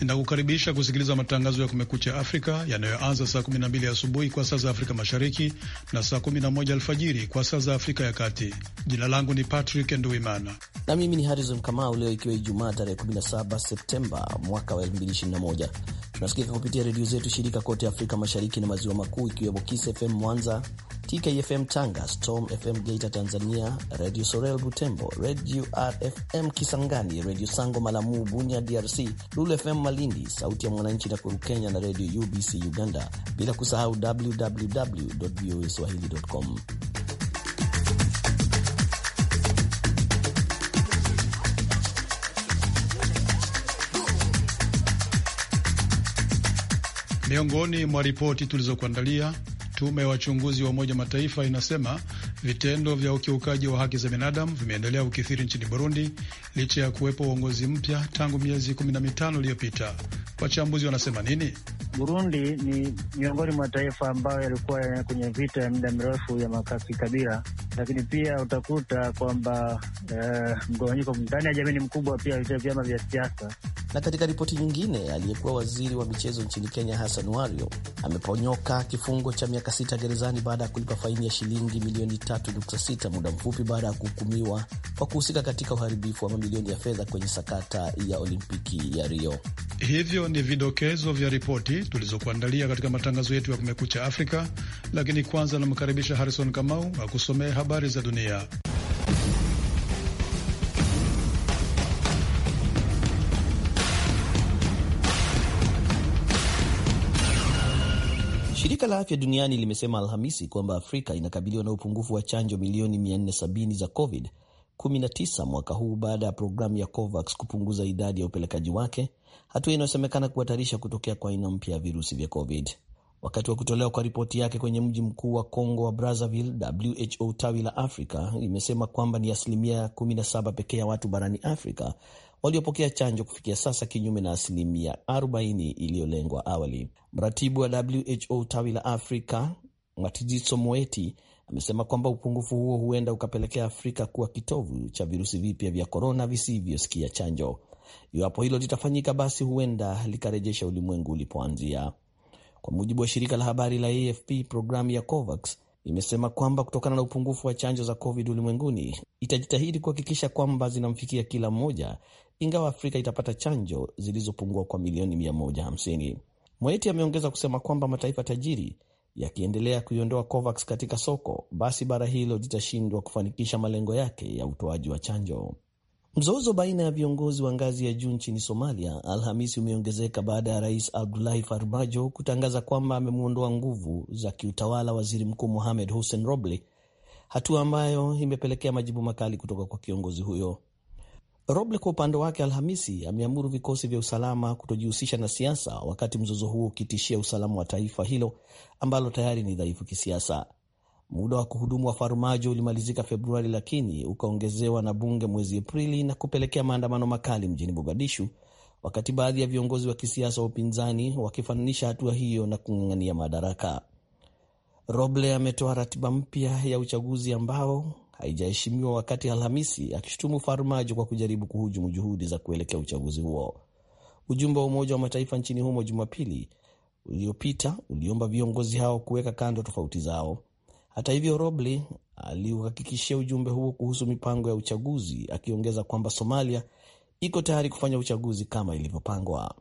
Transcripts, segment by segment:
Ninakukaribisha kusikiliza matangazo ya Kumekucha Afrika yanayoanza saa 12 asubuhi kwa saa za Afrika Mashariki na saa 11 alfajiri kwa saa za Afrika ya Kati. Jina langu ni Patrick Nduimana na mimi ni Harrison Kamau. Leo ikiwa Ijumaa tarehe 17 Septemba mwaka wa 2021, tunasikika kupitia redio zetu shirika kote Afrika Mashariki na Maziwa Makuu, ikiwemo Kiss FM Mwanza, TKFM Tanga, Storm FM Geita Tanzania, Radio Sorel Butembo, Radio RFM Kisangani, Radio Sango Malamu Bunya DRC, Lulu FM Malindi, Sauti ya Mwananchi na Kuru Kenya na Radio UBC Uganda, bila kusahau www voa swahili.com. Miongoni mwa ripoti tulizokuandalia Tume ya wachunguzi wa Umoja Mataifa inasema vitendo vya ukiukaji wa haki za binadamu vimeendelea ukithiri nchini Burundi licha ya kuwepo uongozi mpya tangu miezi kumi na mitano iliyopita. Wachambuzi wanasema nini? Burundi ni miongoni mwa taifa ambayo yalikuwa kwenye vita ya muda mrefu ya kabira lakini pia utakuta kwamba eh, mgawanyiko ndani ya jamii ni mkubwa pia vile vyama vya siasa. Na katika ripoti nyingine, aliyekuwa waziri wa michezo nchini Kenya Hassan Wario ameponyoka kifungo cha miaka sita gerezani baada ya kulipa faini ya shilingi milioni tatu nukta sita muda mfupi baada ya kuhukumiwa kwa kuhusika katika uharibifu wa mamilioni ya fedha kwenye sakata ya Olimpiki ya Rio. Hivyo ni vidokezo vya ripoti tulizokuandalia katika matangazo yetu ya Kumekucha Afrika, lakini kwanza anamkaribisha Harrison Kamau akusomea habari za dunia. Shirika la afya duniani limesema Alhamisi kwamba Afrika inakabiliwa na upungufu wa chanjo milioni 470 za COVID 19 mwaka huu baada ya programu ya COVAX kupunguza idadi ya upelekaji wake, hatua inayosemekana kuhatarisha kutokea kwa aina mpya ya virusi vya COVID. Wakati wa kutolewa kwa ripoti yake kwenye mji mkuu wa congo wa Brazzaville, WHO tawi la Afrika limesema kwamba ni asilimia 17 pekee ya watu barani Afrika waliopokea chanjo kufikia sasa, kinyume na asilimia 40 iliyolengwa awali. Mratibu wa WHO tawi la Afrika Matijiso Moeti amesema kwamba upungufu huo huenda ukapelekea Afrika kuwa kitovu cha virusi vipya vya korona visivyosikia chanjo. Iwapo hilo litafanyika, basi huenda likarejesha ulimwengu ulipoanzia. Kwa mujibu wa shirika la habari la AFP, programu ya COVAX imesema kwamba kutokana na upungufu wa chanjo za COVID ulimwenguni, itajitahidi kuhakikisha kwamba zinamfikia kila mmoja, ingawa Afrika itapata chanjo zilizopungua kwa milioni 150. Moeti ameongeza kusema kwamba mataifa tajiri yakiendelea kuiondoa COVAX katika soko, basi bara hilo litashindwa kufanikisha malengo yake ya utoaji wa chanjo. Mzozo baina ya viongozi wa ngazi ya juu nchini Somalia Alhamisi umeongezeka baada ya rais Abdullahi Farmajo kutangaza kwamba amemwondoa nguvu za kiutawala waziri mkuu Mohamed Hussein Roble, hatua ambayo imepelekea majibu makali kutoka kwa kiongozi huyo. Roble kwa upande wake, Alhamisi ameamuru vikosi vya usalama kutojihusisha na siasa, wakati mzozo huo ukitishia usalama wa taifa hilo ambalo tayari ni dhaifu kisiasa. Muda wa kuhudumu wa Farmajo ulimalizika Februari, lakini ukaongezewa na bunge mwezi Aprili na kupelekea maandamano makali mjini Mogadishu, wakati baadhi ya viongozi wa kisiasa wa upinzani wakifananisha hatua hiyo na kung'ang'ania madaraka. Roble ametoa ratiba mpya ya uchaguzi ambao haijaheshimiwa wakati Alhamisi akishutumu Farmajo kwa kujaribu kuhujumu juhudi za kuelekea uchaguzi huo. Ujumbe wa Umoja wa Mataifa nchini humo Jumapili uliopita uliomba viongozi hao kuweka kando tofauti zao hata hivyo, Robley aliuhakikishia ujumbe huo kuhusu mipango ya uchaguzi, akiongeza kwamba Somalia iko tayari kufanya uchaguzi kama ilivyopangwa.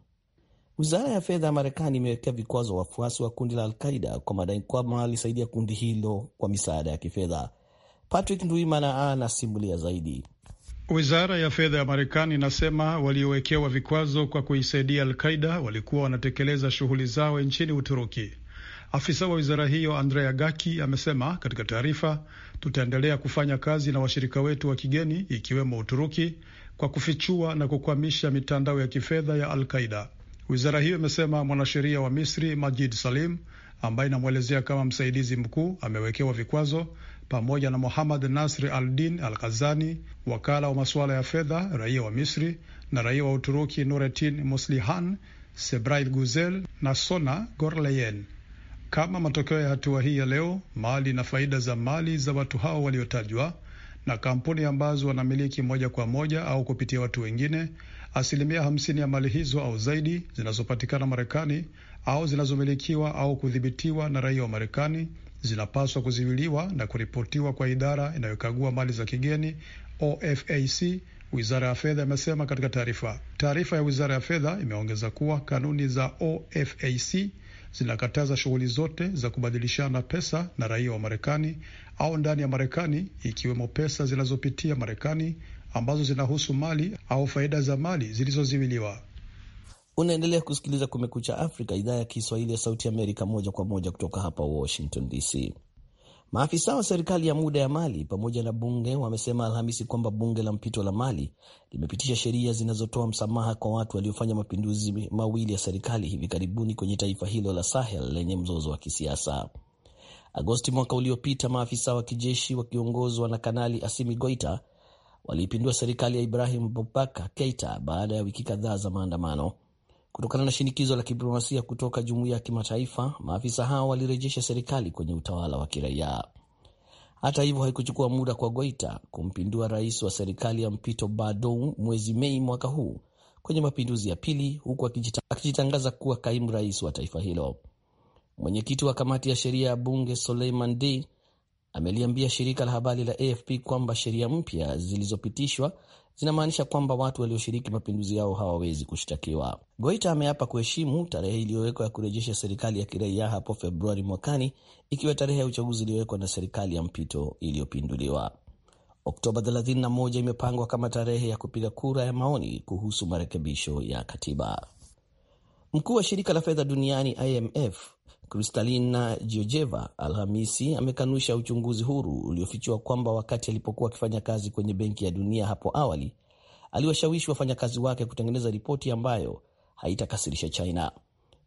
Wizara ya fedha ya Marekani imewekea vikwazo wafuasi wa kundi la Alqaida kwa madai kwamba alisaidia kundi hilo kwa misaada ya kifedha. Patrick Ndwimana anasimulia zaidi. Wizara ya fedha ya Marekani inasema waliowekewa vikwazo kwa kuisaidia Alqaida walikuwa wanatekeleza shughuli zao nchini Uturuki. Afisa wa wizara hiyo Andrea Gaki amesema katika taarifa, tutaendelea kufanya kazi na washirika wetu wa kigeni ikiwemo Uturuki kwa kufichua na kukwamisha mitandao ya kifedha ya Al-Qaida. Wizara hiyo imesema mwanasheria wa Misri Majid Salim ambaye inamwelezea kama msaidizi mkuu amewekewa vikwazo pamoja na muhammad Nasri al-Din al ghazani wakala wa masuala ya fedha, raia wa Misri na raia wa Uturuki Nuretin Muslihan, Sebrail Guzel na Sona Gorleyen. Kama matokeo ya hatua hii ya leo, mali na faida za mali za watu hao waliotajwa na kampuni ambazo wanamiliki moja kwa moja au kupitia watu wengine, asilimia hamsini ya mali hizo au zaidi zinazopatikana Marekani au zinazomilikiwa au kudhibitiwa na raia wa Marekani zinapaswa kuziwiliwa na kuripotiwa kwa idara inayokagua mali za kigeni OFAC wizara ya fedha imesema katika taarifa. Taarifa ya wizara ya fedha imeongeza kuwa kanuni za OFAC zinakataza shughuli zote za kubadilishana pesa na raia wa Marekani au ndani ya Marekani, ikiwemo pesa zinazopitia Marekani ambazo zinahusu mali au faida za mali zilizoziwiliwa. Unaendelea kusikiliza Kumekucha Afrika, idhaa ya Kiswahili ya Sauti Amerika, moja kwa moja kutoka hapa Washington DC. Maafisa wa serikali ya muda ya Mali pamoja na bunge wamesema Alhamisi kwamba bunge la mpito la Mali limepitisha sheria zinazotoa msamaha kwa watu waliofanya mapinduzi mawili ya serikali hivi karibuni kwenye taifa hilo la Sahel lenye mzozo wa kisiasa. Agosti mwaka uliopita, maafisa wa kijeshi wakiongozwa na Kanali Asimi Goita waliipindua serikali ya Ibrahim Boubacar Keita baada ya wiki kadhaa za maandamano Kutokana na shinikizo la kidiplomasia kutoka jumuiya ya kimataifa, maafisa hao walirejesha serikali kwenye utawala wa kiraia. Hata hivyo, haikuchukua muda kwa Goita kumpindua rais wa serikali ya mpito Badou mwezi Mei mwaka huu kwenye mapinduzi ya pili, huku akijitangaza kuwa kaimu rais wa taifa hilo. Mwenyekiti wa kamati ya sheria ya bunge Soleiman D ameliambia shirika la habari la AFP kwamba sheria mpya zilizopitishwa zinamaanisha kwamba watu walioshiriki mapinduzi yao hawawezi kushtakiwa. Goita ameapa kuheshimu tarehe iliyowekwa ya kurejesha serikali ya kiraia hapo Februari mwakani, ikiwa tarehe ya uchaguzi iliyowekwa na serikali ya mpito iliyopinduliwa. Oktoba 31 imepangwa kama tarehe ya kupiga kura ya maoni kuhusu marekebisho ya katiba. Mkuu wa shirika la fedha duniani IMF Kristalina Georgieva Alhamisi amekanusha uchunguzi huru uliofichua kwamba wakati alipokuwa akifanya kazi kwenye Benki ya Dunia hapo awali aliwashawishi wafanyakazi wake kutengeneza ripoti ambayo haitakasirisha China.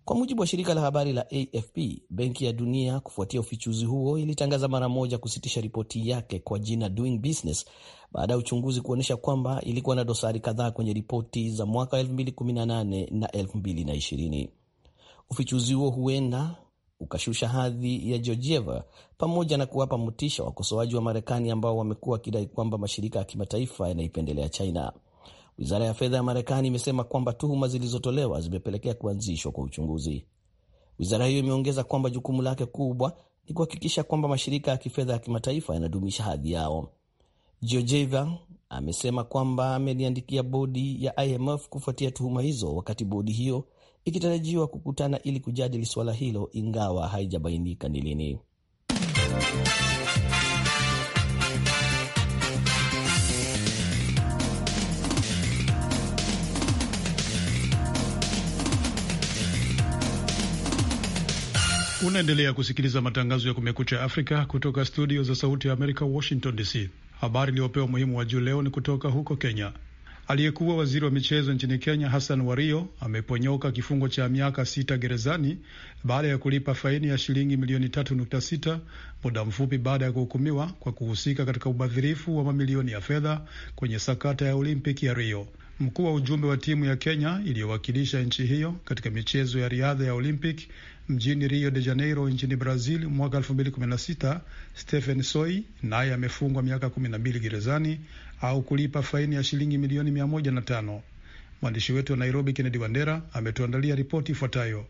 Kwa mujibu wa shirika la habari la AFP, Benki ya Dunia, kufuatia ufichuzi huo, ilitangaza mara moja kusitisha ripoti yake kwa jina Doing Business baada ya uchunguzi kuonyesha kwamba ilikuwa na dosari kadhaa kwenye ripoti za mwaka 2018 na 2020. Ufichuzi huo huenda ukashusha hadhi ya Georgieva pamoja na kuwapa mtisha wakosoaji wa Marekani ambao wamekuwa wakidai kwamba mashirika ya kimataifa yanaipendelea China. Wizara ya fedha ya Marekani imesema kwamba tuhuma zilizotolewa zimepelekea kuanzishwa kwa uchunguzi. Wizara hiyo imeongeza kwamba jukumu lake kubwa ni kuhakikisha kwamba mashirika ya kifedha ya kimataifa yanadumisha hadhi yao. Georgieva amesema kwamba ameliandikia bodi ya IMF kufuatia tuhuma hizo, wakati bodi hiyo ikitarajiwa kukutana ili kujadili suala hilo ingawa haijabainika ni lini. Unaendelea kusikiliza matangazo ya Kumekucha Afrika kutoka studio za Sauti ya Amerika, Washington DC. Habari iliyopewa umuhimu wa juu leo ni kutoka huko Kenya. Aliyekuwa waziri wa michezo nchini Kenya Hassan Wario ameponyoka kifungo cha miaka sita gerezani baada ya kulipa faini ya shilingi milioni tatu nukta sita muda mfupi baada ya kuhukumiwa kwa kuhusika katika ubadhirifu wa mamilioni ya fedha kwenye sakata ya Olimpiki ya Rio. Mkuu wa ujumbe wa timu ya Kenya iliyowakilisha nchi hiyo katika michezo ya riadha ya olimpic mjini Rio de Janeiro nchini Brazil mwaka 2016, Stephen Soi naye amefungwa miaka 12 gerezani au kulipa faini ya shilingi milioni mia moja na tano. Mwandishi wetu wa Nairobi, Kennedy Wandera, ametuandalia ripoti ifuatayo.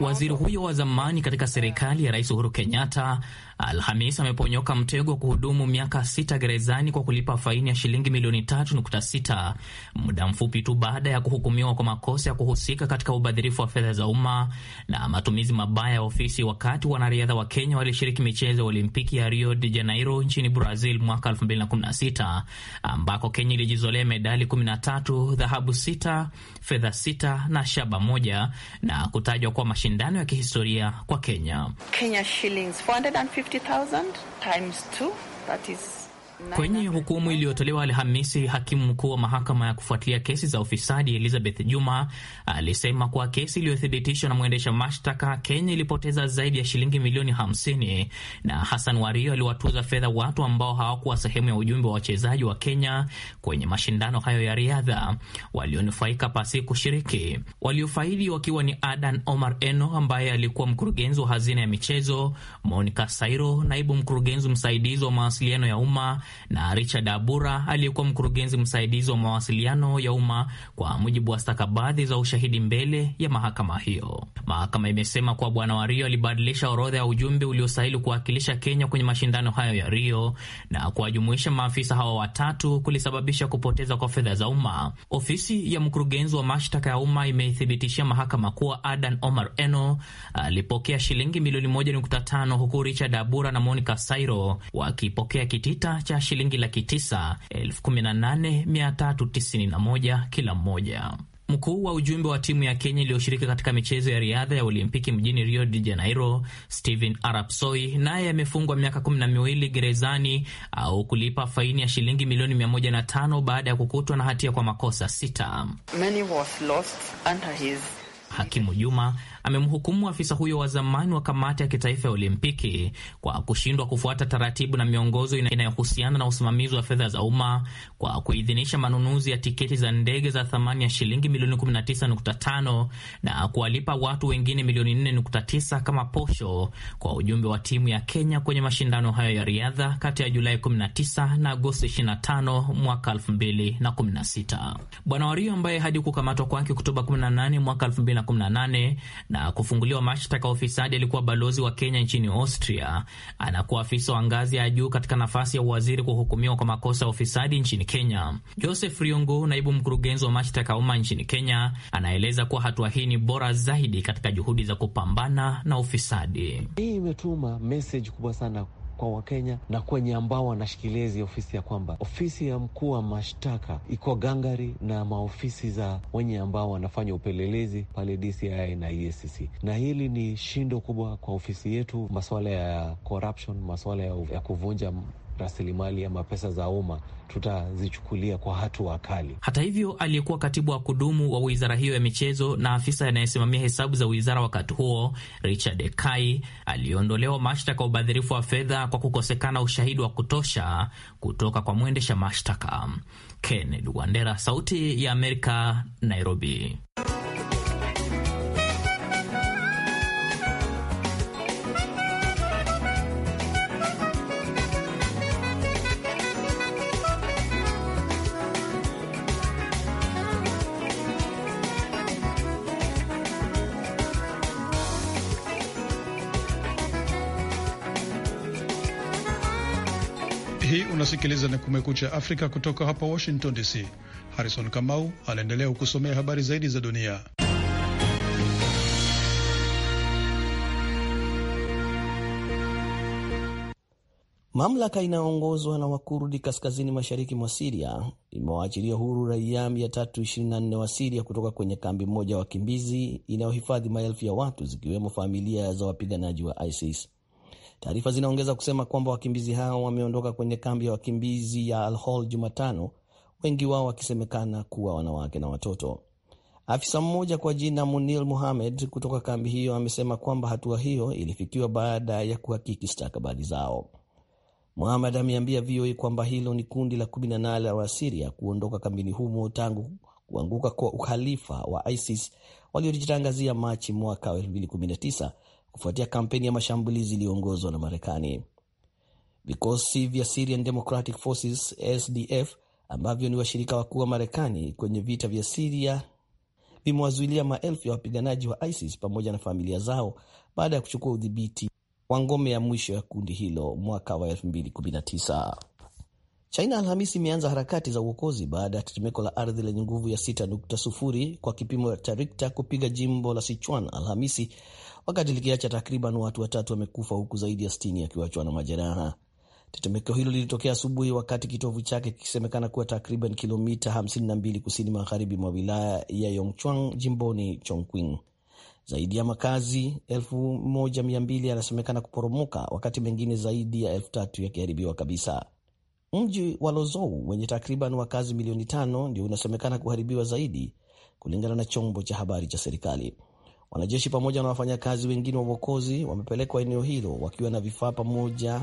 Waziri huyo wa zamani katika serikali ya Rais Uhuru Kenyatta Alhamis ameponyoka mtego wa kuhudumu miaka sita gerezani kwa kulipa faini ya shilingi milioni 3.6 muda mfupi tu baada ya kuhukumiwa kwa makosa ya kuhusika katika ubadhirifu wa fedha za umma na matumizi mabaya ya ofisi wakati wanariadha wa Kenya walishiriki michezo ya Olimpiki ya Rio de Janeiro nchini Brazil mwaka 2016 ambako Kenya ilijizolea medali 13, dhahabu 6, fedha 6 na shaba moja na kutajwa kuwa mashindano ya kihistoria kwa Kenya. Kenya shillings, 450. 50,000 times two, that is Kwenye hukumu iliyotolewa Alhamisi, hakimu mkuu wa mahakama ya kufuatilia kesi za ufisadi Elizabeth Juma alisema kuwa kesi iliyothibitishwa na mwendesha mashtaka, Kenya ilipoteza zaidi ya shilingi milioni 50 na Hassan Wario aliwatuza fedha watu ambao hawakuwa sehemu ya ujumbe wa wachezaji wa Kenya kwenye mashindano hayo ya riadha, walionufaika pasi kushiriki. Waliofaidi wakiwa ni Adan Omar Eno ambaye alikuwa mkurugenzi wa hazina ya michezo, Monica Sairo naibu mkurugenzi msaidizi wa mawasiliano ya umma na Richard Abura aliyekuwa mkurugenzi msaidizi wa mawasiliano ya umma, kwa mujibu wa stakabadhi za ushahidi mbele ya mahakama hiyo. Mahakama imesema kuwa Bwana wa Rio alibadilisha orodha ya ujumbe uliostahili kuwakilisha Kenya kwenye mashindano hayo ya Rio na kuwajumuisha maafisa hawa watatu kulisababisha kupoteza kwa fedha za umma. Ofisi ya mkurugenzi wa mashtaka ya umma imeithibitishia mahakama kuwa Adan Omar Eno alipokea shilingi milioni 1.5 huku Richard Abura na Monica Sairo wakipokea kitita cha cha shilingi laki tisa elfu kumi na nane mia tatu tisini na moja kila mmoja. Mkuu wa ujumbe wa timu ya Kenya iliyoshiriki katika michezo ya riadha ya Olimpiki mjini Rio de Janeiro, Stephen arapsoi naye amefungwa miaka kumi na miwili gerezani au kulipa faini ya shilingi milioni mia moja na tano baada ya kukutwa na hatia kwa makosa sita. Hakimu Juma amemhukumu afisa huyo wa zamani wa kamati ya kitaifa ya Olimpiki kwa kushindwa kufuata taratibu na miongozo inayohusiana na usimamizi wa fedha za umma kwa kuidhinisha manunuzi ya tiketi za ndege za thamani ya shilingi milioni 19.5 na kuwalipa watu wengine milioni 4.9 kama posho kwa ujumbe wa timu ya Kenya kwenye mashindano hayo ya riadha kati ya Julai 19 na Agosti 25 mwaka 2016. Bwana Wario ambaye hadi kukamatwa kwake Oktoba 18 mwaka 2018 na kufunguliwa mashtaka ya ufisadi alikuwa balozi wa Kenya nchini Austria, anakuwa afisa wa ngazi ya juu katika nafasi ya uwaziri kuhukumiwa kwa makosa ya ufisadi nchini Kenya. Joseph Riungu, naibu mkurugenzi wa mashtaka ya umma nchini Kenya, anaeleza kuwa hatua hii ni bora zaidi katika juhudi za kupambana na ufisadi. Hii imetuma meseji kubwa sana kwa Wakenya na kwenye ambao wanashikilia hizi ofisi, ya kwamba ofisi ya mkuu wa mashtaka iko gangari na maofisi za wenye ambao wanafanya upelelezi pale DCI na EACC, na hili ni shindo kubwa kwa ofisi yetu, masuala ya corruption, masuala ya, ya kuvunja rasilimali ama pesa za umma tutazichukulia kwa hatua kali. Hata hivyo, aliyekuwa katibu wa kudumu wa wizara hiyo ya michezo na afisa anayesimamia hesabu za wizara wakati huo, Richard Ekai, aliondolewa mashtaka ya ubadhirifu wa fedha kwa kukosekana ushahidi wa kutosha kutoka kwa mwendesha mashtaka. Kennedy Wandera, Sauti ya Amerika, Nairobi. Hii unasikiliza na Kumekucha Afrika kutoka hapa Washington DC. Harrison Kamau anaendelea kukusomea habari zaidi za dunia. Mamlaka inayoongozwa na Wakurdi kaskazini mashariki mwa Siria imewaachilia huru raia 324 wa Siria kutoka kwenye kambi moja ya wakimbizi inayohifadhi maelfu ya watu zikiwemo familia za wapiganaji wa ISIS. Taarifa zinaongeza kusema kwamba wakimbizi hao wameondoka kwenye kambi ya wakimbizi ya Al-Hol Jumatano, wengi wao wakisemekana kuwa wanawake na watoto. Afisa mmoja kwa jina Munil Muhamed kutoka kambi hiyo amesema kwamba hatua hiyo ilifikiwa baada ya kuhakiki stakabadhi zao. Muhamed ameambia VOA kwamba hilo ni kundi la 18 la Wasiria kuondoka kambini humo tangu kuanguka kwa ukhalifa wa ISIS waliojitangazia Machi mwaka 2019 kufuatia kampeni ya mashambulizi iliyoongozwa na Marekani. Vikosi vya Syrian Democratic Forces SDF ambavyo ni washirika wakuu wa Marekani kwenye vita vya Siria vimewazuilia maelfu ya wapiganaji wa ISIS pamoja na familia zao baada ya kuchukua udhibiti wa ngome ya mwisho ya kundi hilo mwaka wa 2019. China Alhamisi imeanza harakati za uokozi baada ya tetemeko la ardhi lenye nguvu ya 6.0 kwa kipimo cha Richter kupiga jimbo la Sichuan Alhamisi, wakati likiacha takriban watu watatu wamekufa huku zaidi ya sitini akiwachwa na majeraha. Tetemeko hilo lilitokea asubuhi wakati kitovu chake kikisemekana kuwa takriban kilomita 52 kusini magharibi mwa wilaya ya Yongchwang jimboni Chongqing. Zaidi ya makazi 1200 yanasemekana kuporomoka wakati mengine zaidi ya 3000 yakiharibiwa kabisa. Mji wa Lozou wenye takriban wakazi milioni tano ndio unasemekana kuharibiwa zaidi kulingana na chombo cha habari cha serikali. Wanajeshi pamoja na wafanyakazi wengine wa uokozi wamepelekwa eneo hilo wakiwa na vifaa pamoja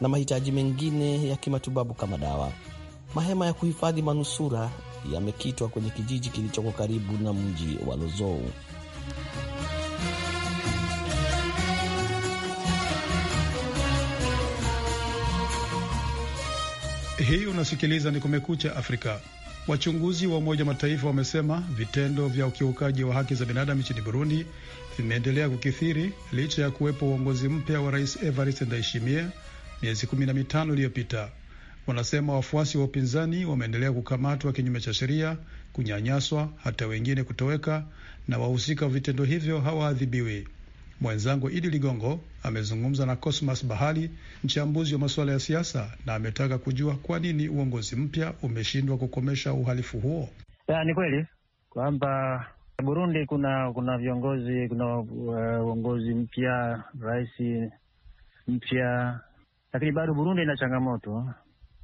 na mahitaji mengine ya kimatibabu kama dawa. Mahema ya kuhifadhi manusura yamekitwa kwenye kijiji kilichoko karibu na mji wa Lozou. Hii unasikiliza ni Kumekucha Afrika. Wachunguzi wa Umoja Mataifa wamesema vitendo vya ukiukaji wa haki za binadamu nchini Burundi vimeendelea kukithiri licha ya kuwepo uongozi mpya wa Rais Evariste Ndayishimiye miezi kumi na mitano iliyopita. Wanasema wafuasi wa upinzani wameendelea kukamatwa kinyume cha sheria, kunyanyaswa, hata wengine kutoweka, na wahusika wa vitendo hivyo hawaadhibiwi. Mwenzangu Idi Ligongo amezungumza na Cosmas Bahali, mchambuzi wa masuala ya siasa, na ametaka kujua kwa nini uongozi mpya umeshindwa kukomesha uhalifu huo. Ya, ni kweli kwamba Burundi kuna kuna viongozi kuna uh, uongozi uh, mpya, rais mpya, lakini bado Burundi ina changamoto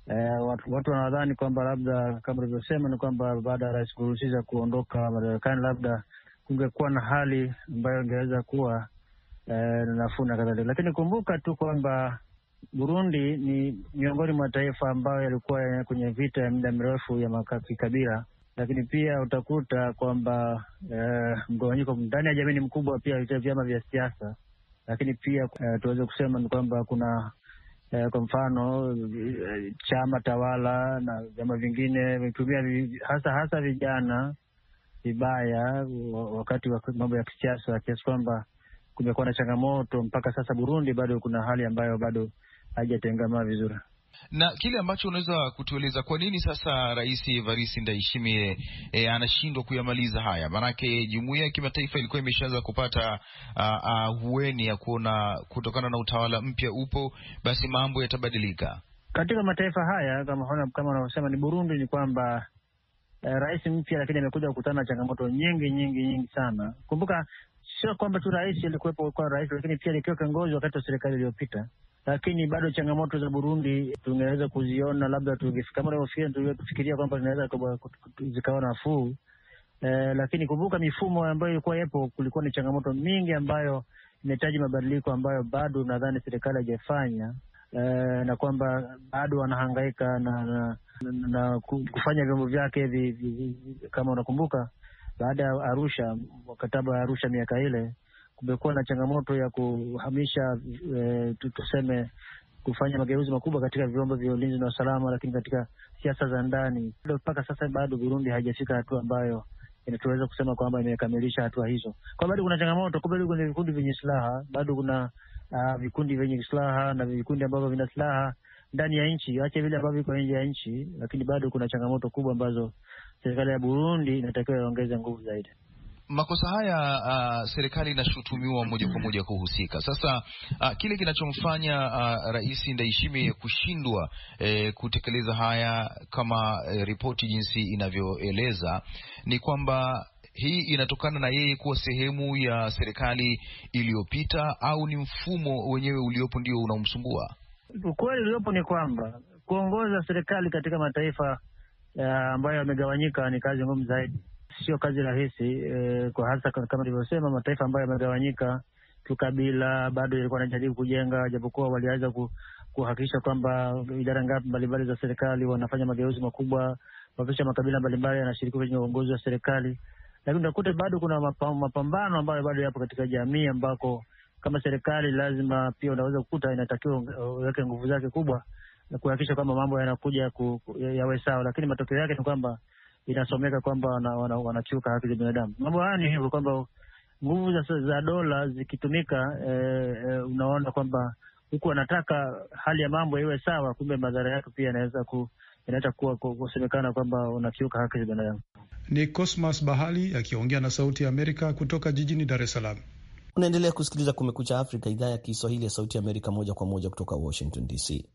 uh, watu, watu wanadhani kwamba labda kama ulivyosema ni kwamba baada ya rais Nkurunziza kuondoka madarakani labda kungekuwa na hali ambayo ingeweza kuwa eh, nafuu na kadhalika, lakini kumbuka tu kwamba Burundi ni miongoni mwa taifa ambayo yalikuwa kwenye vita ya muda mrefu ya makabila, lakini pia utakuta kwamba eh, mgawanyiko ndani ya jamii ni mkubwa, pia vyama vya siasa, lakini pia eh, tuweze kusema ni kwamba kuna eh, kwa mfano chama tawala na vyama vingine vimetumia hasa hasa vijana vibaya wakati wa mambo ya kisiasa kiasi kwamba kumekuwa na changamoto mpaka sasa. Burundi bado kuna hali ambayo bado haijatengamaa vizuri na kile ambacho unaweza kutueleza kwa nini sasa Rais Evariste Ndayishimiye e, anashindwa kuyamaliza haya? Maanake jumuiya ya kimataifa ilikuwa imeshaanza kupata hueni ya kuona kutokana na utawala mpya upo, basi mambo yatabadilika katika mataifa haya. Kama kama unavyosema ni Burundi, ni kwamba e, rais mpya lakini amekuja kukutana na changamoto nyingi nyingi nyingi sana. Kumbuka sio kwamba tu rais alikuwepo kwa rais, lakini pia alikuwa kiongozi wakati wa serikali iliyopita lakini bado changamoto za Burundi tungeweza kuziona labda tufikiria kwamba zinaweza zikawa nafuu e, lakini kumbuka mifumo ambayo ilikuwa yepo, kulikuwa ni changamoto mingi ambayo inahitaji mabadiliko ambayo bado nadhani serikali haijafanya e, na kwamba bado wanahangaika na, na, na, na kufanya vyombo vyake vi, vi, vi, kama unakumbuka baada ya Arusha, mkataba wa Arusha miaka ile, kumekuwa na changamoto ya kuhamisha e, tuseme kufanya mageuzi makubwa katika vyombo vya ulinzi na usalama, lakini katika siasa za ndani mpaka sasa bado Burundi haijafika hatua ambayo inatuweza kusema kwamba imekamilisha hatua hizo. Kwa bado kuna changamoto kwa bado kuna vikundi vyenye silaha, bado kuna uh, vikundi vyenye silaha na vikundi ambavyo vina silaha ndani ya nchi, wache vile ambavyo viko nje ya nchi, lakini bado kuna changamoto kubwa ambazo serikali ya Burundi inatakiwa iongeze nguvu zaidi. Makosa haya uh, serikali inashutumiwa moja kwa moja kuhusika. Sasa uh, kile kinachomfanya uh, Rais Ndayishimiye kushindwa eh, kutekeleza haya kama eh, ripoti jinsi inavyoeleza ni kwamba hii inatokana na yeye kuwa sehemu ya serikali iliyopita au ni mfumo wenyewe uliopo ndio unaomsumbua? Ukweli uliopo ni kwamba kuongoza serikali katika mataifa Eh, ambayo yamegawanyika ni kazi ngumu zaidi, sio kazi rahisi e, kwa hasa kama ilivyosema mataifa ambayo yamegawanyika tukabila bado ilikuwa anajaribu kujenga, japokuwa waliweza kuhakikisha kwamba idara ngapi mbalimbali za serikali wanafanya mageuzi makubwa, kuhakikisha makabila mbalimbali yanashiriki kwenye uongozi wa serikali, lakini utakuta bado kuna mapambano ambayo bado yapo katika jamii ambako kama serikali lazima pia unaweza kukuta inatakiwa uweke nguvu zake kubwa kuhakikisha kwamba mambo yanakuja ku, ku, yawe sawa, lakini matokeo yake ni kwamba inasomeka kwamba wanachuka haki za binadamu. Mambo haya ni hivyo kwamba nguvu za, za dola zikitumika, e, e, unaona kwamba huku wanataka hali ya mambo iwe sawa, kumbe madhara yake pia yanaweza ku inaweza kuwa kusemekana kwamba unakiuka haki za binadamu. Ni Cosmas Bahali akiongea na Sauti ya Amerika kutoka jijini Dar es Salaam. Unaendelea kusikiliza Kumekucha Afrika, idhaa ya Kiswahili ya Sauti ya Amerika, moja kwa moja kutoka Washington DC.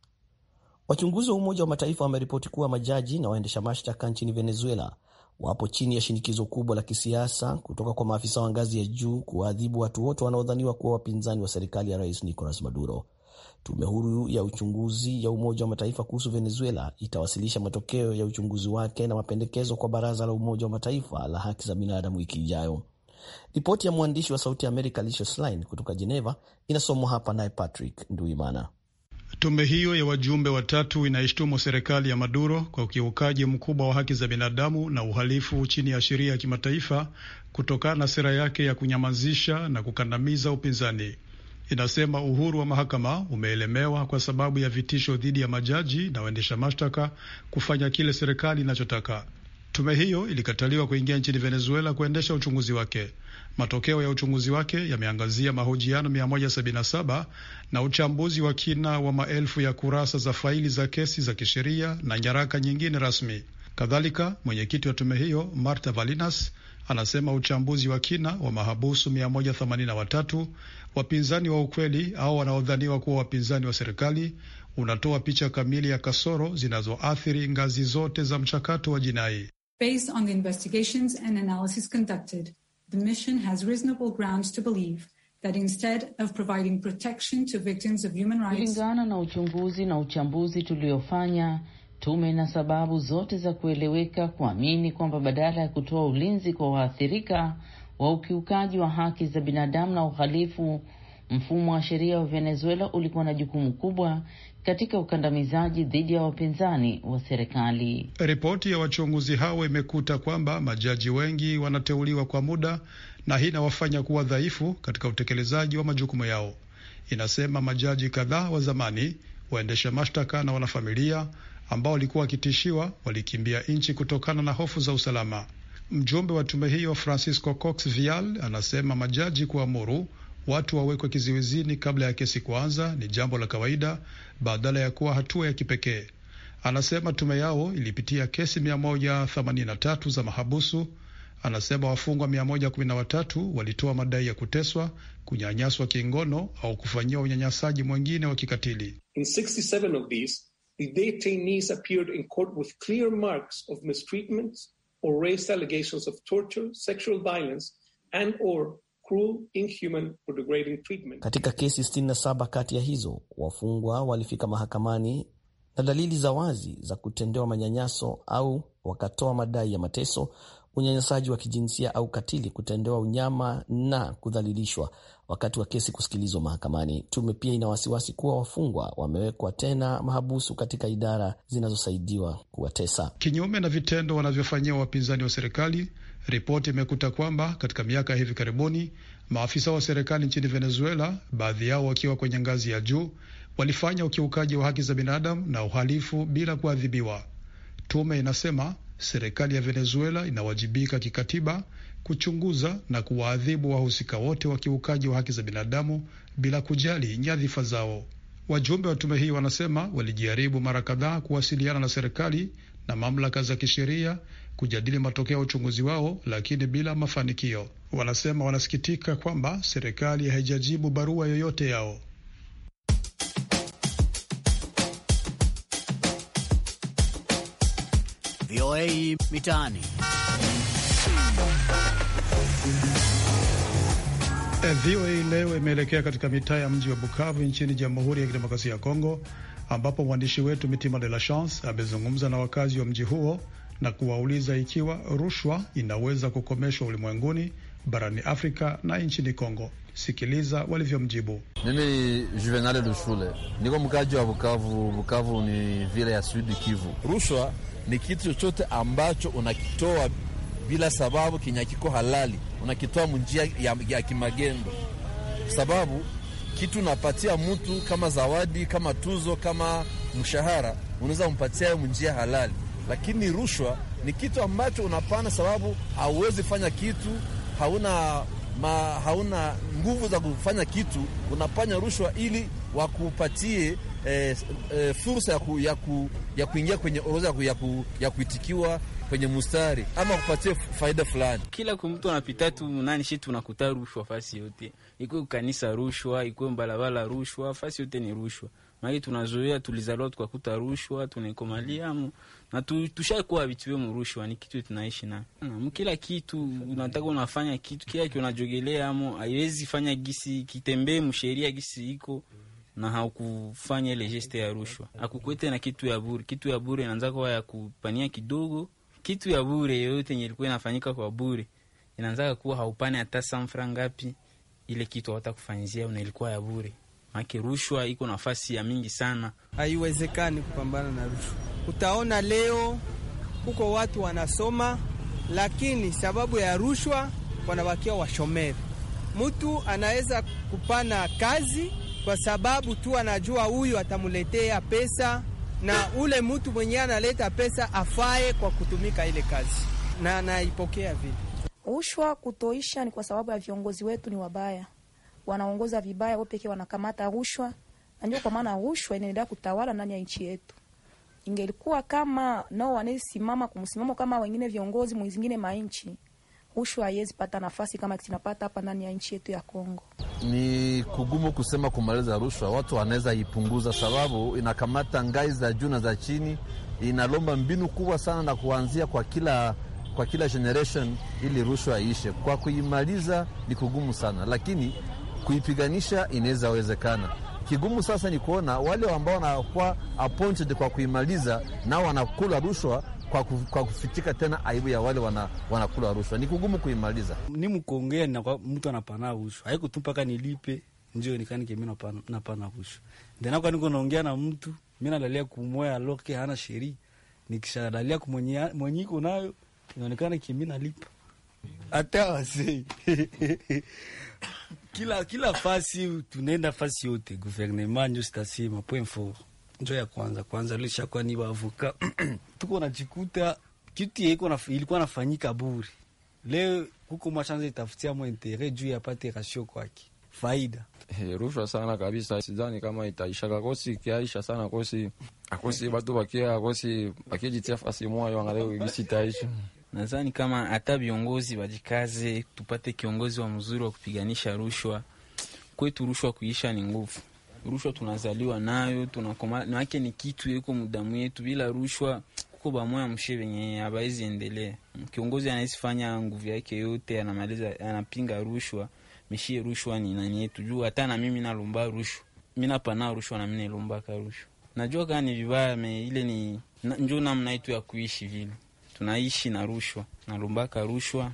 Wachunguzi wa Umoja wa Mataifa wameripoti kuwa majaji na waendesha mashtaka nchini Venezuela wapo chini ya shinikizo kubwa la kisiasa kutoka kwa maafisa wa ngazi ya juu kuwaadhibu watu wote wanaodhaniwa kuwa wapinzani wa serikali ya Rais Nicolas Maduro. Tume huru ya uchunguzi ya Umoja wa Mataifa kuhusu Venezuela itawasilisha matokeo ya uchunguzi wake na mapendekezo kwa Baraza la Umoja wa Mataifa la Haki za Binadamu wiki ijayo. Ripoti ya mwandishi wa Sauti ya Amerika Lisa Schlein kutoka Geneva inasomwa hapa naye Patrick Nduimana. Tume hiyo ya wajumbe watatu inaishtumu serikali ya Maduro kwa ukiukaji mkubwa wa haki za binadamu na uhalifu chini ya sheria ya kimataifa kutokana na sera yake ya kunyamazisha na kukandamiza upinzani. Inasema uhuru wa mahakama umeelemewa kwa sababu ya vitisho dhidi ya majaji na waendesha mashtaka kufanya kile serikali inachotaka. Tume hiyo ilikataliwa kuingia nchini Venezuela kuendesha uchunguzi wake. Matokeo ya uchunguzi wake yameangazia mahojiano 177 na uchambuzi wa kina wa maelfu ya kurasa za faili za kesi za kisheria na nyaraka nyingine rasmi. Kadhalika, mwenyekiti wa tume hiyo Marta Valinas anasema uchambuzi wa kina wa mahabusu 183 wapinzani wa ukweli au wanaodhaniwa kuwa wapinzani wa serikali unatoa picha kamili ya kasoro zinazoathiri ngazi zote za mchakato wa jinai. Based on the investigations and analysis conducted the mission has reasonable grounds to believe that instead of providing protection to victims of human rights. Kulingana na uchunguzi na uchambuzi tuliofanya, tume na sababu zote za kueleweka kuamini kwamba badala ya kutoa ulinzi kwa waathirika wa ukiukaji wa haki za binadamu na uhalifu, mfumo wa sheria wa Venezuela ulikuwa na jukumu kubwa katika ukandamizaji dhidi ya wapinzani wa serikali. Ripoti ya wachunguzi hao imekuta kwamba majaji wengi wanateuliwa kwa muda na hii inawafanya kuwa dhaifu katika utekelezaji wa majukumu yao. Inasema majaji kadhaa wa zamani, waendesha mashtaka na wanafamilia ambao walikuwa wakitishiwa walikimbia nchi kutokana na hofu za usalama. Mjumbe wa tume hiyo Francisco Cox Vial anasema majaji kuamuru Watu wawekwe kiziwizini kabla ya kesi kuanza ni jambo la kawaida badala ya kuwa hatua ya kipekee. Anasema tume yao ilipitia kesi 183 za mahabusu. Anasema wafungwa 113 walitoa madai ya kuteswa, kunyanyaswa kingono au kufanyiwa unyanyasaji mwingine wa kikatili. In 67 of these, the detainees appeared in court with clear marks of mistreatment or raised allegations of torture, sexual violence and or cruel, inhuman or degrading treatment. Katika kesi 67 kati ya hizo, wafungwa walifika mahakamani na dalili za wazi za kutendewa manyanyaso au wakatoa madai ya mateso, unyanyasaji wa kijinsia au katili, kutendewa unyama na kudhalilishwa wakati wa kesi kusikilizwa mahakamani. Tume pia ina wasiwasi kuwa wafungwa wamewekwa tena mahabusu katika idara zinazosaidiwa kuwatesa, kinyume na vitendo wanavyofanyia wapinzani wa serikali Ripoti imekuta kwamba katika miaka ya hivi karibuni maafisa wa serikali nchini Venezuela, baadhi yao wakiwa kwenye ngazi ya juu, walifanya ukiukaji wa haki za binadamu na uhalifu bila kuadhibiwa. Tume inasema serikali ya Venezuela inawajibika kikatiba kuchunguza na kuwaadhibu wahusika wote wa kiukaji wa haki za binadamu bila kujali nyadhifa zao. Wajumbe wa tume hii wanasema walijaribu mara kadhaa kuwasiliana na serikali na mamlaka za kisheria kujadili matokeo ya uchunguzi wao, lakini bila mafanikio. Wanasema wanasikitika kwamba serikali haijajibu barua yoyote yao. VOA Mitaani. Eh, VOA leo imeelekea katika mitaa ya mji wa Bukavu nchini Jamhuri ya Kidemokrasia ya Kongo ambapo mwandishi wetu Mitima de la Chance amezungumza na wakazi wa mji huo na kuwauliza ikiwa rushwa inaweza kukomeshwa ulimwenguni barani Afrika na nchini Kongo. Sikiliza walivyomjibu. Mimi Juvenal Lushule, niko mkaji wa Bukavu. Bukavu ni vile ya Sud Kivu. Rushwa ni kitu chochote ambacho unakitoa bila sababu kinya kiko halali, unakitoa munjia ya, ya kimagendo, sababu kitu unapatia mtu kama zawadi, kama tuzo, kama mshahara, unaweza umpatia munjia halali lakini rushwa ni kitu ambacho unapana, sababu hauwezi fanya kitu, hauna ma, hauna nguvu za kufanya kitu, unapanya rushwa ili wakupatie eh, eh, fursa ya, ku, ya, ku, ya kuingia kwenye orodha ya, ku, ya, ku, ya kuitikiwa kwenye mustari ama kupatia faida fulani. Kila kumtu anapita tu nani shi tunakuta rushwa fasi yote, ikwe kanisa rushwa, ikwe mbalabala rushwa, fasi yote ni rushwa maki tunazoea tulizaliwa tukakuta rushwa tunaikomalia mm. na tu, tushakuwa vituwe murushwa ni kitu tunaishi na mkila kitu unataka unafanya kitu kila kitu unajogelea amo haiwezi fanya gisi kitembee msheria gisi iko na haukufanya ile geste ya rushwa akukwete na kitu ya bure. Kitu ya bure inaanza kwa ya kupania kidogo. Kitu ya bure yote yenye ilikuwa inafanyika kwa bure inaanza kuwa haupani hata samfra ngapi, ile kitu hawatakufanyizia na ilikuwa ya bure. Make rushwa iko nafasi ya mingi sana, haiwezekani kupambana na rushwa. Utaona leo huko watu wanasoma, lakini sababu ya rushwa wanabakia washomeri. Mtu anaweza kupana kazi kwa sababu tu anajua huyu atamuletea pesa, na ule mtu mwenyewe analeta pesa afae kwa kutumika ile kazi na anaipokea vile. Rushwa kutoisha ni kwa sababu ya viongozi wetu ni wabaya wanaongoza vibaya, wao pekee wanakamata rushwa. Ndio kwa maana rushwa inaendelea kutawala ndani ya nchi yetu. Ingelikuwa kama nao wanaesimama kumsimamo kama wengine viongozi mwingine mainchi, rushwa haiwezi pata nafasi kama tunapata hapa ndani ya nchi yetu ya Kongo. Ni kugumu kusema kumaliza rushwa, watu wanaweza ipunguza, sababu inakamata ngai za juu na za chini, inalomba mbinu kubwa sana na kuanzia kwa kila kwa kila generation ili rushwa iishe. Kwa kuimaliza ni kugumu sana, lakini kuipiganisha inaweza wezekana. Kigumu sasa ni kuona wale ambao wanakuwa appointed kwa kuimaliza, nao wanakula rushwa kwa, kuf, kwa kufichika tena aibu ya wale wana, wanakula rushwa. Ni kugumu kuimaliza. Ni mkuongea na mtu anapana rushwa, haikutu mpaka nilipe njio nikanike kemi napana rushwa, ndena kwa niko naongea na mtu mi nalalia kumoya loke hana sheria, nikishalalia kumwenyiko nayo inaonekana kemi nalipa hata wasei kila kila fasi tunaenda fasi yote, guvernema njo sitasema point fort njo ya kwanza kwanza lishakuwa ni bavuka tuko najikuta kitu yeko ilikuwa nafanyika bure, leo huko mwachanza itafutia mo intere juu ya yapate rasio kwake faida hey, eh, rushwa sana kabisa. Sidhani kama itaisha kakosi kiaisha sana kosi akosi eh. batu bakia akosi bakijitia fasi moyo angalau gisi itaisha Nadhani kama hata viongozi wajikaze, tupate kiongozi wa mzuri wa kupiganisha rushwa. Kwetu rushwa kuisha ni nguvu. Rushwa tunazaliwa nayo, tunakoma nake, ni kitu iko mudamu yetu. Bila rushwa kuko bamoya mshe venye abaizi endelea. Kiongozi anaisifanya nguvu yake yote, anamaliza anapinga rushwa. Mishie rushwa ni nani yetu juu. Hata na mimi nalomba rushwa, mi napana rushwa na mi ka rushwa, najua kaa ni vibaya me, ile ni njo namna yetu ya kuishi vile tunaishi na rushwa, nalumbaka rushwa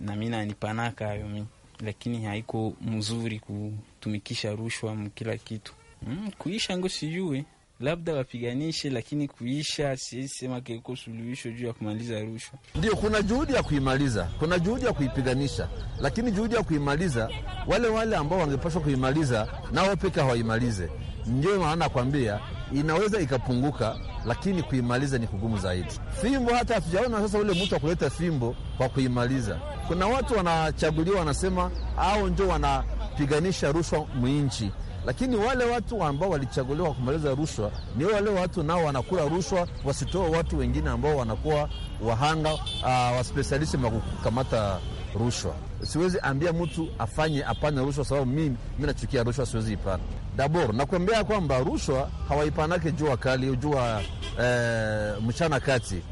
nami nanipanaka hayo mi, lakini haiko mzuri kutumikisha rushwa mkila kitu mm, kuisha ngo sijue labda wapiganishe, lakini kuisha sisema kiko suluhisho juu ya kumaliza rushwa. Ndio, kuna juhudi ya kuimaliza, kuna juhudi ya kuipiganisha, lakini juhudi ya kuimaliza, wale wale ambao wangepaswa kuimaliza nao peke hawaimalize. Ndio maana nakwambia inaweza ikapunguka, lakini kuimaliza ni kugumu zaidi. Fimbo hata hatujaona sasa ule mtu wa kuleta fimbo kwa kuimaliza. Kuna watu wanachaguliwa, wanasema au njo wanapiganisha rushwa mwinchi lakini wale watu ambao walichaguliwa kumaliza rushwa ni wale watu nao wanakula rushwa, wasitoe watu wengine ambao wanakuwa wahanga uh, ah, waspesialisti wa kukamata rushwa. Siwezi ambia mtu afanye apane rushwa, sababu mimi mi nachukia rushwa, siwezi ipana. Dabor nakuambia kwamba rushwa hawaipanake jua kali jua e, mchana kati.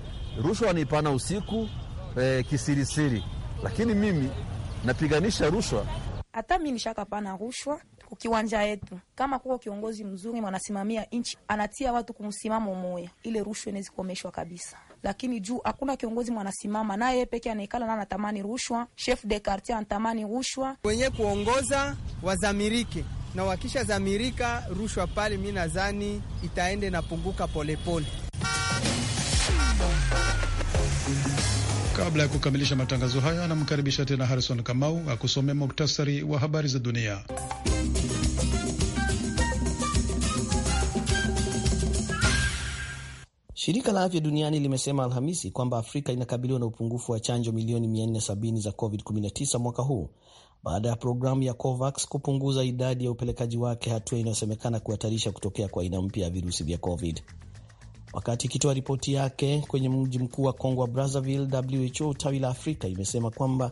Rushwa wanaipana usiku e, kisirisiri, lakini mimi napiganisha rushwa. Hata mi nishakapana rushwa kukiwanja yetu. Kama kuko kiongozi mzuri mwanasimamia nchi anatia watu kumsimamo moya, ile rushwa inawezi kuomeshwa kabisa lakini juu hakuna kiongozi mwanasimama naye peke anaikala na anatamani rushwa, chef de quartier anatamani rushwa, wenye kuongoza wazamirike na wakishazamirika rushwa pale, mi nadhani itaende napunguka polepole. Kabla ya kukamilisha matangazo haya, anamkaribisha tena Harrison Kamau akusomea muktasari wa habari za dunia. Shirika la Afya Duniani limesema Alhamisi kwamba Afrika inakabiliwa na upungufu wa chanjo milioni 470 za COVID-19 mwaka huu baada ya programu ya COVAX kupunguza idadi ya upelekaji wake, hatua inayosemekana kuhatarisha kutokea kwa aina mpya ya virusi vya COVID. Wakati ikitoa ripoti yake kwenye mji mkuu wa Kongo wa Brazzaville, WHO tawi la Afrika imesema kwamba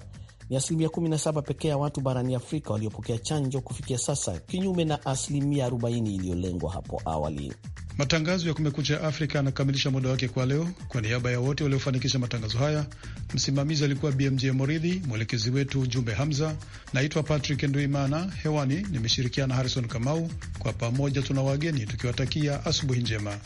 ni asilimia 17 pekee ya watu barani Afrika waliopokea chanjo kufikia sasa, kinyume na asilimia 40 iliyolengwa hapo awali. Matangazo ya Kumekucha Afrika yanakamilisha muda wake kwa leo. Kwa niaba ya wote waliofanikisha matangazo haya, msimamizi alikuwa BMJ Moridhi, mwelekezi wetu Jumbe Hamza. Naitwa Patrick Nduimana, hewani nimeshirikiana Harrison Kamau. Kwa pamoja tuna wageni tukiwatakia asubuhi njema.